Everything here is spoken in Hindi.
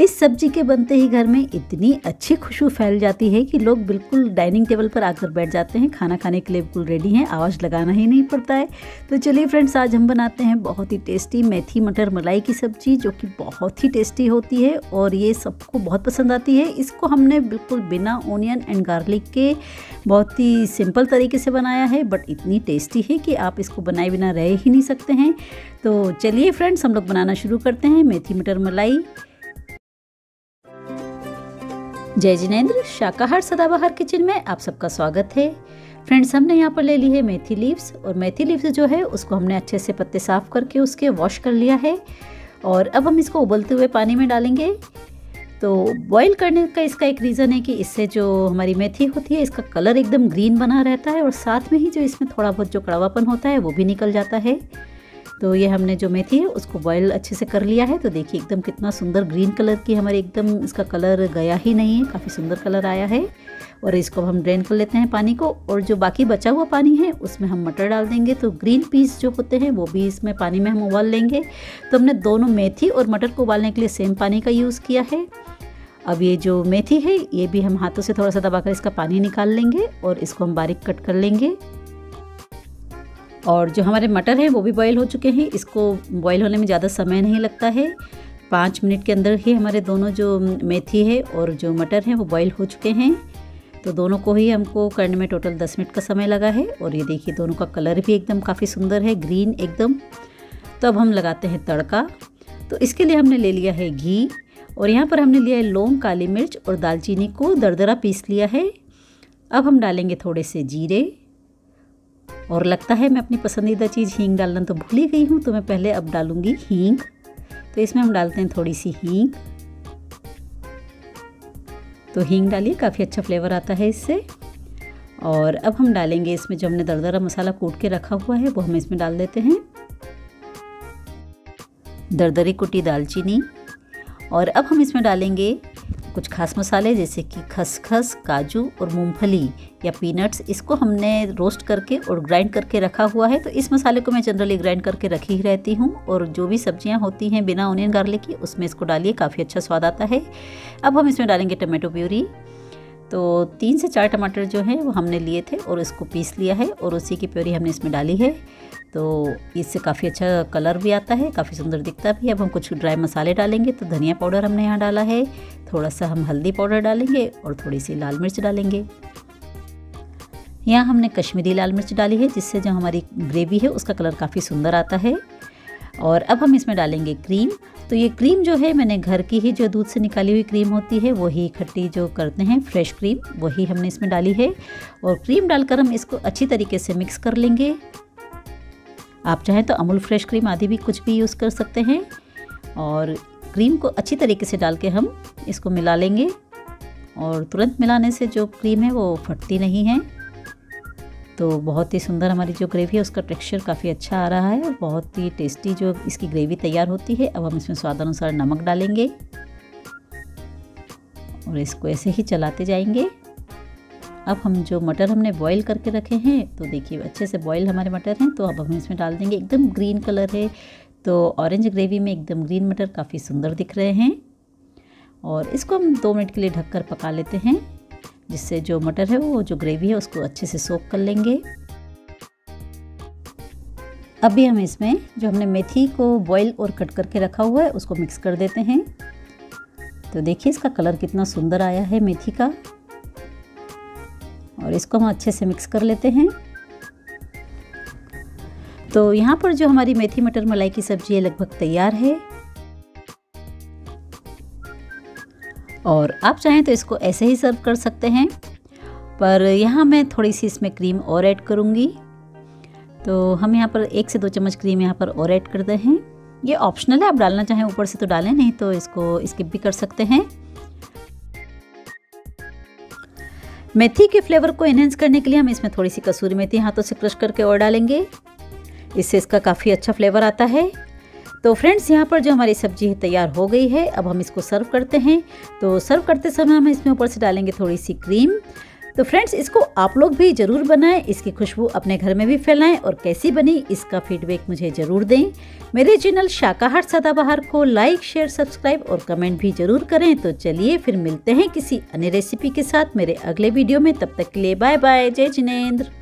इस सब्जी के बनते ही घर में इतनी अच्छी खुशबू फैल जाती है कि लोग बिल्कुल डाइनिंग टेबल पर आकर बैठ जाते हैं खाना खाने के लिए बिल्कुल रेडी हैं आवाज़ लगाना ही नहीं पड़ता है तो चलिए फ्रेंड्स आज हम बनाते हैं बहुत ही टेस्टी मेथी मटर मलाई की सब्जी जो कि बहुत ही टेस्टी होती है और ये सबको बहुत पसंद आती है इसको हमने बिल्कुल बिना ओनियन एंड गार्लिक के बहुत ही सिंपल तरीके से बनाया है बट इतनी टेस्टी है कि आप इसको बनाए बिना रह ही नहीं सकते हैं तो चलिए फ्रेंड्स हम लोग बनाना शुरू करते हैं मेथी मटर मलाई जय जिनेन्द्र शाकाहार सदाबहार किचन में आप सबका स्वागत है फ्रेंड्स हमने यहाँ पर ले ली है मेथी लीव्स और मेथी लीव्स जो है उसको हमने अच्छे से पत्ते साफ करके उसके वॉश कर लिया है और अब हम इसको उबलते हुए पानी में डालेंगे तो बॉईल करने का इसका एक रीज़न है कि इससे जो हमारी मेथी होती है इसका कलर एकदम ग्रीन बना रहता है और साथ में ही जो इसमें थोड़ा बहुत जो कड़वापन होता है वो भी निकल जाता है तो ये हमने जो मेथी है उसको बॉयल अच्छे से कर लिया है तो देखिए एकदम कितना सुंदर ग्रीन कलर की हमारे एकदम इसका कलर गया ही नहीं है काफ़ी सुंदर कलर आया है और इसको हम ड्रेन कर लेते हैं पानी को और जो बाकी बचा हुआ पानी है उसमें हम मटर डाल देंगे तो ग्रीन पीस जो होते हैं वो भी इसमें पानी में हम उबाल लेंगे तो हमने दोनों मेथी और मटर को उबालने के लिए सेम पानी का यूज़ किया है अब ये जो मेथी है ये भी हम हाथों से थोड़ा सा दबाकर इसका पानी निकाल लेंगे और इसको हम बारीक कट कर लेंगे और जो हमारे मटर हैं वो भी बॉयल हो चुके हैं इसको बॉयल होने में ज़्यादा समय नहीं लगता है पाँच मिनट के अंदर ही हमारे दोनों जो मेथी है और जो मटर हैं वो बॉयल हो चुके हैं तो दोनों को ही हमको करने में टोटल दस मिनट का समय लगा है और ये देखिए दोनों का कलर भी एकदम काफ़ी सुंदर है ग्रीन एकदम तो अब हम लगाते हैं तड़का तो इसके लिए हमने ले लिया है घी और यहाँ पर हमने लिया है लौंग काली मिर्च और दालचीनी को दरदरा पीस लिया है अब हम डालेंगे थोड़े से जीरे और लगता है मैं अपनी पसंदीदा चीज़ हींग डालना तो भूल ही गई हूँ तो मैं पहले अब डालूँगी हींग तो इसमें हम डालते हैं थोड़ी सी हींग तो हींग डालिए काफ़ी अच्छा फ्लेवर आता है इससे और अब हम डालेंगे इसमें जो हमने दरदरा मसाला कूट के रखा हुआ है वो हम इसमें डाल देते हैं दरदरी कुटी दालचीनी और अब हम इसमें डालेंगे कुछ खास मसाले जैसे कि खसखस काजू और मूंगफली या पीनट्स इसको हमने रोस्ट करके और ग्राइंड करके रखा हुआ है तो इस मसाले को मैं जनरली ग्राइंड करके रखी ही रहती हूँ और जो भी सब्जियाँ होती हैं बिना ओनियन गार्लिक की उसमें इसको डालिए काफ़ी अच्छा स्वाद आता है अब हम इसमें डालेंगे टमाटो प्यूरी तो तीन से चार टमाटर जो हैं वो हमने लिए थे और इसको पीस लिया है और उसी की प्योरी हमने इसमें डाली है तो इससे काफ़ी अच्छा कलर भी आता है काफ़ी सुंदर दिखता भी है अब हम कुछ ड्राई मसाले डालेंगे तो धनिया पाउडर हमने यहाँ डाला है थोड़ा सा हम हल्दी पाउडर डालेंगे और थोड़ी सी लाल मिर्च डालेंगे यहाँ हमने कश्मीरी लाल मिर्च डाली है जिससे जो हमारी ग्रेवी है उसका कलर काफ़ी सुंदर आता है और अब हम इसमें डालेंगे क्रीम तो ये क्रीम जो है मैंने घर की ही जो दूध से निकाली हुई क्रीम होती है वही खट्टी जो करते हैं फ्रेश क्रीम वही हमने इसमें डाली है और क्रीम डालकर हम इसको अच्छी तरीके से मिक्स कर लेंगे आप चाहें तो अमूल फ्रेश क्रीम आदि भी कुछ भी यूज़ कर सकते हैं और क्रीम को अच्छी तरीके से डाल के हम इसको मिला लेंगे और तुरंत मिलाने से जो क्रीम है वो फटती नहीं है तो बहुत ही सुंदर हमारी जो ग्रेवी है उसका टेक्सचर काफ़ी अच्छा आ रहा है बहुत ही टेस्टी जो इसकी ग्रेवी तैयार होती है अब हम इसमें स्वाद अनुसार नमक डालेंगे और इसको ऐसे ही चलाते जाएंगे अब हम जो मटर हमने बॉईल करके रखे हैं तो देखिए अच्छे से बॉईल हमारे मटर हैं तो अब हम इसमें डाल देंगे एकदम ग्रीन कलर है तो ऑरेंज ग्रेवी में एकदम ग्रीन मटर काफ़ी सुंदर दिख रहे हैं और इसको हम दो मिनट के लिए कर पका लेते हैं जिससे जो मटर है वो जो ग्रेवी है उसको अच्छे से सोख कर लेंगे अभी हम इसमें जो हमने मेथी को बॉईल और कट करके रखा हुआ है उसको मिक्स कर देते हैं तो देखिए इसका कलर कितना सुंदर आया है मेथी का और इसको हम अच्छे से मिक्स कर लेते हैं तो यहाँ पर जो हमारी मेथी मटर मलाई की सब्ज़ी है लगभग तैयार है और आप चाहें तो इसको ऐसे ही सर्व कर सकते हैं पर यहाँ मैं थोड़ी सी इसमें क्रीम और ऐड करूँगी तो हम यहाँ पर एक से दो चम्मच क्रीम यहाँ पर और ऐड करते हैं ये ऑप्शनल है आप डालना चाहें ऊपर से तो डालें नहीं तो इसको स्किप भी कर सकते हैं मेथी के फ्लेवर को एनहेंस करने के लिए हम इसमें थोड़ी सी कसूरी मेथी हाथों से क्रश करके और डालेंगे इससे इसका काफ़ी अच्छा फ्लेवर आता है तो फ्रेंड्स यहाँ पर जो हमारी सब्जी है तैयार हो गई है अब हम इसको सर्व करते हैं तो सर्व करते समय हम इसमें ऊपर से डालेंगे थोड़ी सी क्रीम तो फ्रेंड्स इसको आप लोग भी ज़रूर बनाएं इसकी खुशबू अपने घर में भी फैलाएं और कैसी बनी इसका फीडबैक मुझे ज़रूर दें मेरे चैनल शाकाहार सदाबहार को लाइक शेयर सब्सक्राइब और कमेंट भी ज़रूर करें तो चलिए फिर मिलते हैं किसी अन्य रेसिपी के साथ मेरे अगले वीडियो में तब तक के लिए बाय बाय जय जिनेन्द्र